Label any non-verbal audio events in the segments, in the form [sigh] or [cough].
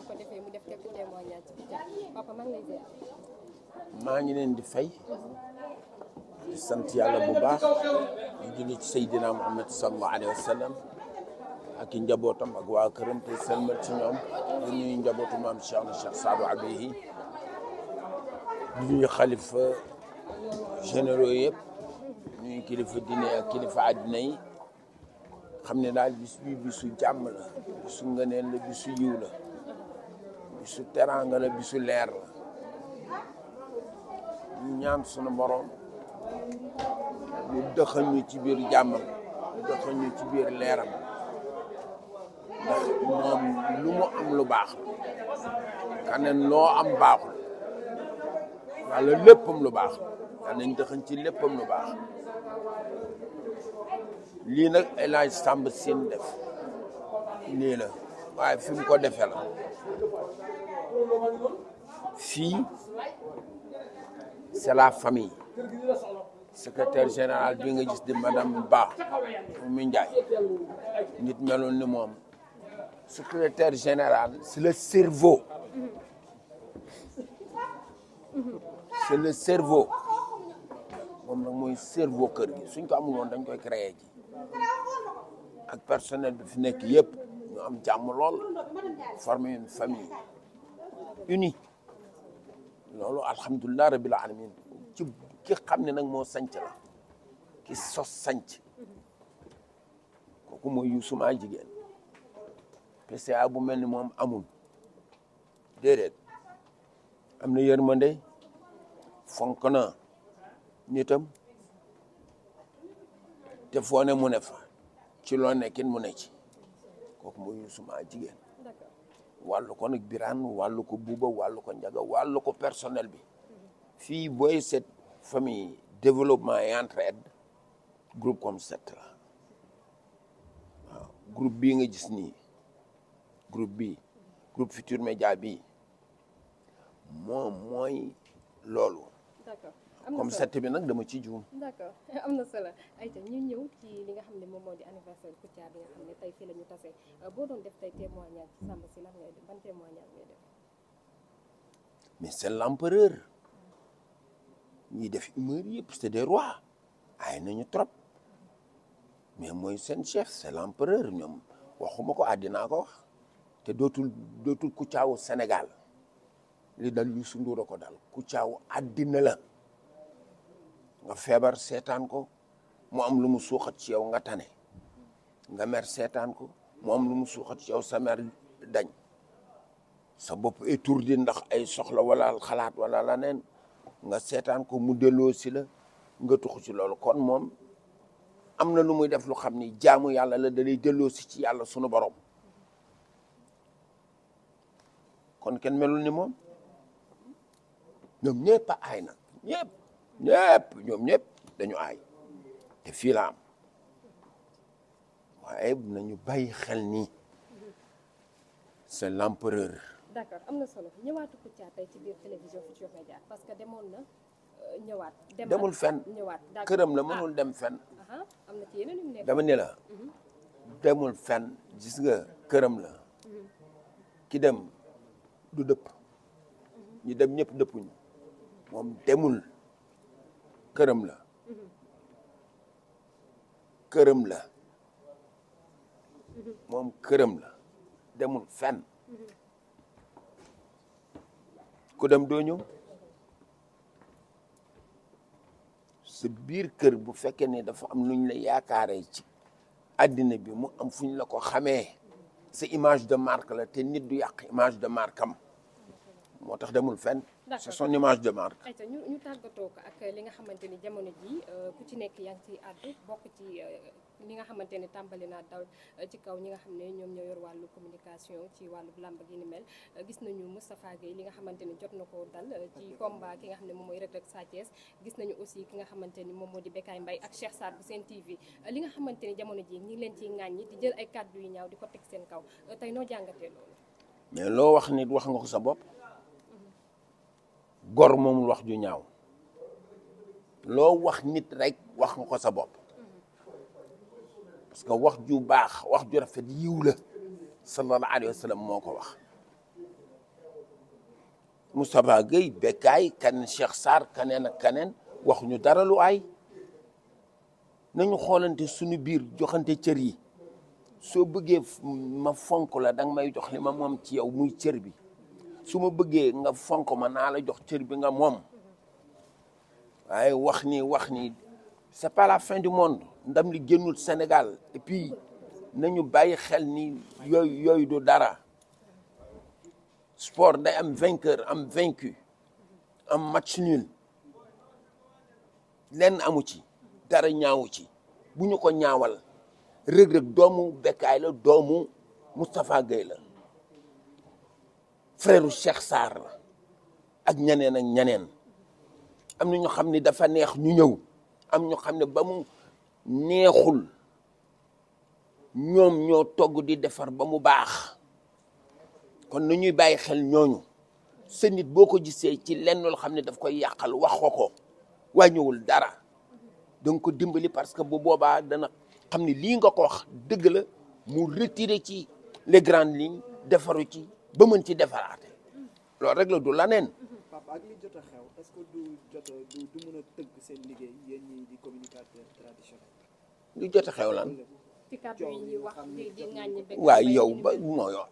maa ngi lay ziar. maa ngi leen di fay sant yàlla bu baax di julli ci Seydina Muhammad sallallahu alayhi wa ak i njabootam ak waa këram te selmal ci ñoom di nuyu njabootu maam Cheikh na Cheikh Sadou Abihi di nuyu xalifa généraux yëpp nuyu kilifa diine kilifa àddina yi xam ne daal bis bi bisu jàmm la bisu ngëneel la bisu yiw bisu teraanga la bisu leer la ñaan sunu borom mu dëxañ ñu ci biir jàmmam mu dëxañ ñu ci biir leeram ndax moom lu mu am lu baax kaneen loo am baaxul walla léppam lu baax daa nañ ci léppam lu baax lii nag El Hadj Samb Sine def lii la waaye fi mu ko defe la fii c'est la famille secrétaire général bi nga gis di madame Ba mu Ndiaye nit meloon ni moom secrétaire général c'est le cerveau c'est le moom nag mooy cerveau kër gi suñ ko amul dañ koy créer ji ak personnel bi fi nekk yépp ñu am jàmm lool former une uni loolu alhamdulilah rabil alamin ki xam ne nag moo sanc la ki sos sanc kooku mooy Youssouma jigéen PCA bu mel ni moom amul déedéet am na yërmande fonk na nitam te foo ne mu ne fa ci loo nekkin mu ne ci kooku mooy Youssouma jigéen. wàllu ko nag Birane wàllu ko Bouba wàllu ko Ndiaga wàllu ko personnel bi fii booy seet famille développement et entraide groupe comme set la waaw groupe bii nga gis nii groupe bi groupe Futur Média bii moom mooy loolu. D'accord. comme set bi nag dama ci juum. d'accord [laughs] am na solo ayca ñu ñëw ci li nga xam ne moom moo di anniversaire Kouthia bi nga xam ne tey fii la ñu euh, boo doon def tey témoignage ci Samba si lan ngay def mais c'est l'empereur ñiy def humeur yëpp c'est des rois ay nañu trop mais mooy seen chef c'est l'empereur ñoom waxuma ko àddina ko wax te dootul dootul Kouthia wu Sénégal li dal Youssou Ndour a ko dal Kouthia wu àddina la. nga feebar seetaan ko mu am lu mu suuxat ci yow nga tane nga mer seetaan ko mu am lu mu suuxat ci sa mer dañ sa bopp étourdi ndax ay soxla wala xalaat wala leneen nga seetaan ko mu delloo si la nga tuxu ci loolu kon moom am na lu muy def lu xam ni jaamu yàlla la dalay delloo si ci yàlla sunu borom kon kenn melul ni moom ñoom ñëpp a aay na ñëpp ñoom ñëpp dañu aay te fii la am waaye nañu bàyyi xel ni c'est l'empereur. na solo que demoon na euh, ñëwaat. demul fenn ñëwaat këram la ah. mënul dem fenn. am dama ne la. Mhm. demul fen gis nga këram la. Mhm. ki dem du dëpp. Mhm. ñu dem ñëpp dëppuñu moom demul. këram la këram la moom këram la demul fen ku dem doo ñëw sa biir kër bu fekkee ne dafa am lu ñu la yaakaaree ci àddina bi mu am fu ñu la ko xamee si image de marque la te nit du yàq image de marque am moo tax demul fen c'est son image de marque. ayca ñu ñu tàggatoo ko ak li nga xamante ni jamono ji euh, ku ci nekk yaa ngi ciy àddu bokk ci euh, li nga xamante ni tàmbali naa daw euh, ci kaw ñi nga xam ne ñoom ñoo yor wàllu communication ci wàllu làmb gi ni mel gis nañu Moustapha Gueye li nga xamante ni jot na ko dal ci combat ki nga xam ne moom mooy Reug Reug gis nañu aussi ki nga xamante ni moom moo di Bécaye Mbaye ak Cheikh Sarr bu Sen TV li nga xamante ni jamono ji ñi ngi leen ciy ŋàññi di jël ay kàddu yu ñaaw di ko teg seen kaw tey noo jàngatee loolu mais loo sa bopp gor moomul wax ju ñaaw loo wax nit rek wax nga ko sa bopp parce que wax ju baax wax ju rafet yiw la sallallahu alayhi wa sallam moo ko wax Moustapha Gueye Bekkaay kaneen Cheikh Sarr kaneen ak kaneen waxuñu dara lu ay nañu xoolante suñu biir joxante cër yi soo bëggee ma fonk la danga may jox li ma moom ci yow muy cër bi su ma bëggee nga fonk ma naa la jox cër bi nga moom waaye wax ni wax ni c'est pas la fin du monde ndam li génnul Sénégal et nañu bàyyi xel ni yooyu yooyu du dara sport day am vainqueur am vaincu am match nul lenn amu ci dara ñaawu ci bu ñu ko ñaawal Reug Reug doomu Bécaye la doomu Moustapha Gueye la frère Cheikh Sarr la ak ñeneen ak ñeneen am na ñu xam ne dafa neex ñu ñëw am ñu xam ne ba mu neexul ñoom ñoo togg di defar ba mu baax kon nu ñuy bàyyi xel ñooñu sa nit boo ko gisee ci lenn loo xam ne daf koy yàqal wax ko ko wàññiwul dara danga ko dimbali parce que bu boobaa dana xam ne lii nga ko wax dëgg la mu retiré ci les grandes lignes defaru ci ba mën ci defaraate loolu rek du laneen papa jot a xew est-ce que du jot a du tëgg seen liggéey di communicateur lu jot a xew lan waaw yow ba moo yow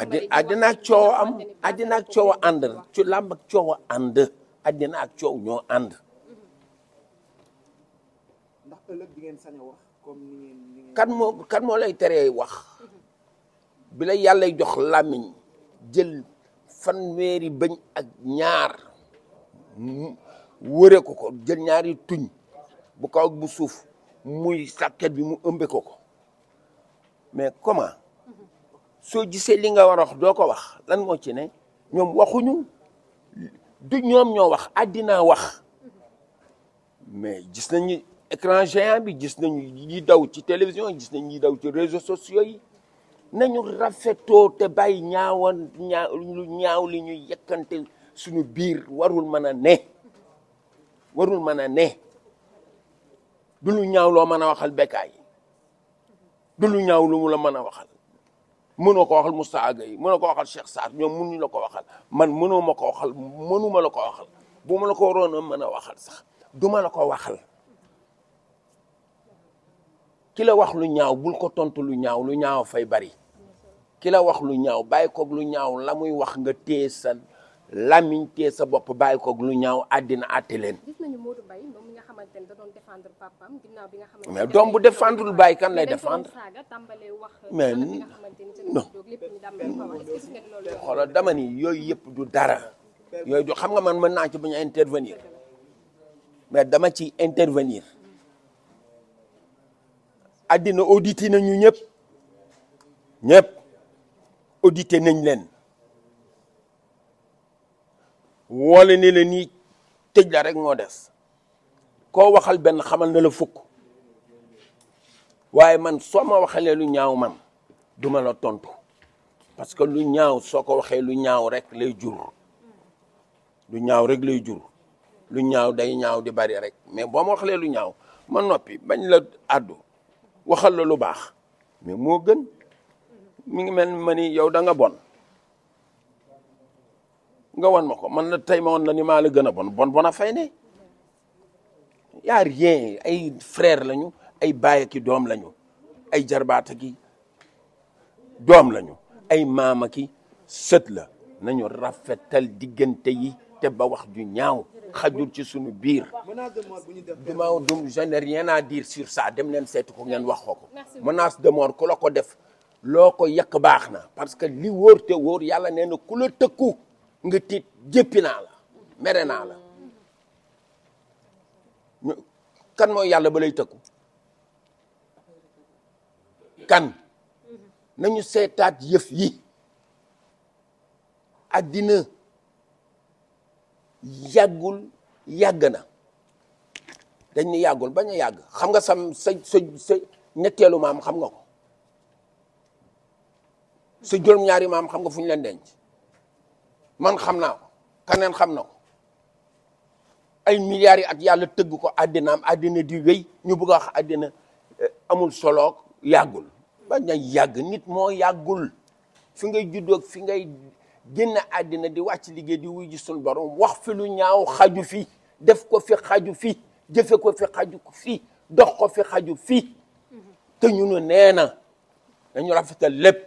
addi addina ak coow am addina ak coow ànd ci làmb ak coow ànd addina ak coow ñoo ànd kan moo kan moo lay teree wax bi la yàlla jox làmmiñ jël fanweeri bëñ ak ñaar wëre ko ko jël ñaari tuñ bu kaw bu suuf muy sàkket bi mu ëmbe ko ko mais comment soo gisee li nga war a wax doo ko wax lan moo ci ne ñoom waxuñu du ñoom ñoo wax àddina wax mais gis nañu écran géant bi gis nañu yi daw ci télévision gis nañu yi daw ci réseau sociaux yi nañu rafetoo te bàyyi ñaawan ñaaw lu ñaaw li ñu yëkkante suñu biir warul mën a ne warul mën a ne du lu ñaaw loo mën a waxal bekkaay du lu ñaaw lu mu la mën a waxal mënoo ko waxal Moustapha Gueye mënoo ko waxal Cheikh Sarr ñoom mënuñu la ko waxal man mënoo ma ko waxal mënuma la ko waxal bu ma la ko waroon a mën a waxal sax duma la ko waxal ki la wax lu ñaaw bul ko tontu lu ñaaw lu ñaaw fay bari ki wax lu ñaaw bàyyi koog lu ñaaw la muy wax nga téye sa lamiñ téye sa bopp bàyyi koog lu ñaaw àddina atti leen. gis nañu nga xamante ne da doon défendre papaam mais doom bu défendreul bay kan lay défendre. mais non xoolal dama ni yooyu yëpp du dara yooy du xam nga man mën naa ci bañ a intervenir mais dama ci intervenir àddina audité nañu ñëpp ñëpp. audité nañ leen woole ne la nii tëj la rek moo des koo waxal benn xamal na la fukk waaye man soo ma waxalee lu ñaaw man duma la tontu parce que lu ñaaw soo ko waxee lu ñaaw rek lay jur lu ñaaw rek lay jur lu ñaaw day ñaaw di bari rek mais boo ma waxalee lu ñaaw ma noppi bañ la àddu waxal la lu baax mais moo gën mi ngi mel ma ni yow da bon nga wan ma ko man la tey ma wan la la gën a bon bon bon a fay ne yaa rien ay frère lañu ay baay ki doom lañu ay jarbaata ki doom lañu ay maama ki sët la nañu rafetal diggante yi te ba wax ju ñaaw xajul ci sunu biir duma dum je n'ai rien à diir sur ça dem leen seetu ko ngeen wax ko menace de mort ku la ko def loo ko yàq baax na parce que li wóor te wóor yàlla nee na ku la tëkku nga tiit jéppi naa la mere naa la kan mooy yàlla ba lay tëkku kan nañu seetaat yëf yi àddina yàggul yàgg na dañ ne yàggul bañ a yàgg xam nga sam sa sa sa ñetteelu maam xam nga sa juróom-ñaari maam xam nga fu ñu leen denc man xam naa ko keneen xam na ko ay milliards yi at yàlla tëgg ko àddinaam àddina di wéy ñu bëgg a wax àddina eh, amul solo yàggul ba na yàgg nit moo yàggul fi ngay juddoog fi ngay génn àddina di wàcc liggéey di wuy ji suñu borom wax fi lu ñaaw xaju fi def ko fi xaju fi jëfe ko fi xaju fi dox ko fi xaju fi mm-hmm. te ñu ne dañu rafetal lépp.